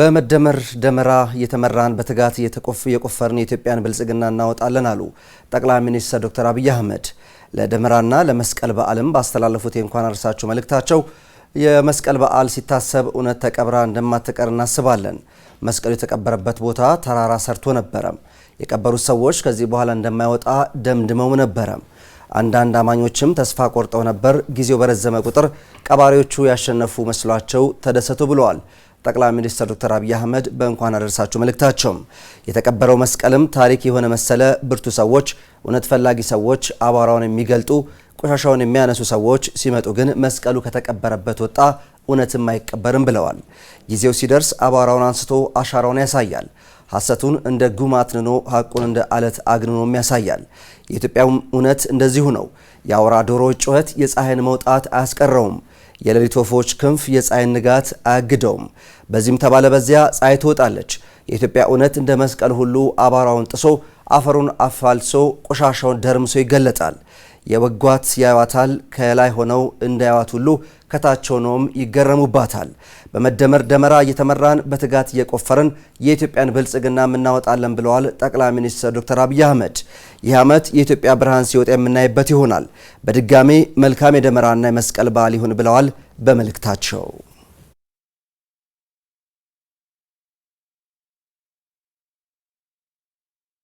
በመደመር ደመራ የተመራን በትጋት የቆፈርን የኢትዮጵያን ብልጽግና እናወጣለን አሉ ጠቅላይ ሚኒስትር ዶክተር አብይ አህመድ። ለደመራና ለመስቀል በዓልም ባስተላለፉት የእንኳን አደረሳችሁ መልእክታቸው የመስቀል በዓል ሲታሰብ እውነት ተቀብራ እንደማትቀር እናስባለን። መስቀሉ የተቀበረበት ቦታ ተራራ ሰርቶ ነበረም። የቀበሩት ሰዎች ከዚህ በኋላ እንደማይወጣ ደምድመው ነበረም። አንዳንድ አማኞችም ተስፋ ቆርጠው ነበር። ጊዜው በረዘመ ቁጥር ቀባሪዎቹ ያሸነፉ መስሏቸው ተደሰቱ ብለዋል። ጠቅላይ ሚኒስትር ዶክተር አብይ አህመድ በእንኳን አደረሳችሁ መልእክታቸው የተቀበረው መስቀልም ታሪክ የሆነ መሰለ። ብርቱ ሰዎች፣ እውነት ፈላጊ ሰዎች፣ አቧራውን የሚገልጡ ቆሻሻውን የሚያነሱ ሰዎች ሲመጡ ግን መስቀሉ ከተቀበረበት ወጣ፣ እውነትም አይቀበርም ብለዋል። ጊዜው ሲደርስ አቧራውን አንስቶ አሻራውን ያሳያል። ሐሰቱን እንደ ጉም አትንኖ ሐቁን እንደ አለት አግንኖም ያሳያል። የኢትዮጵያ እውነት እንደዚሁ ነው። የአውራ ዶሮዎች ጩኸት የፀሐይን መውጣት አያስቀረውም። የሌሊት ወፎች ክንፍ የፀሐይን ንጋት አያግደውም። በዚህም ተባለ በዚያ ፀሐይ ትወጣለች። የኢትዮጵያ እውነት እንደ መስቀል ሁሉ አቧራውን ጥሶ አፈሩን አፋልሶ ቆሻሻውን ደርምሶ ይገለጣል። የወጓት ያዩዋታል፣ ከላይ ሆነው እንዳያዋት ሁሉ ከታች ሆነውም ይገረሙባታል። በመደመር ደመራ እየተመራን በትጋት እየቆፈርን የኢትዮጵያን ብልጽግና እናወጣለን ብለዋል ጠቅላይ ሚኒስትር ዶክተር አብይ አህመድ። ይህ ዓመት የኢትዮጵያ ብርሃን ሲወጣ የምናይበት ይሆናል። በድጋሜ መልካም የደመራና የመስቀል በዓል ይሁን ብለዋል በመልእክታቸው።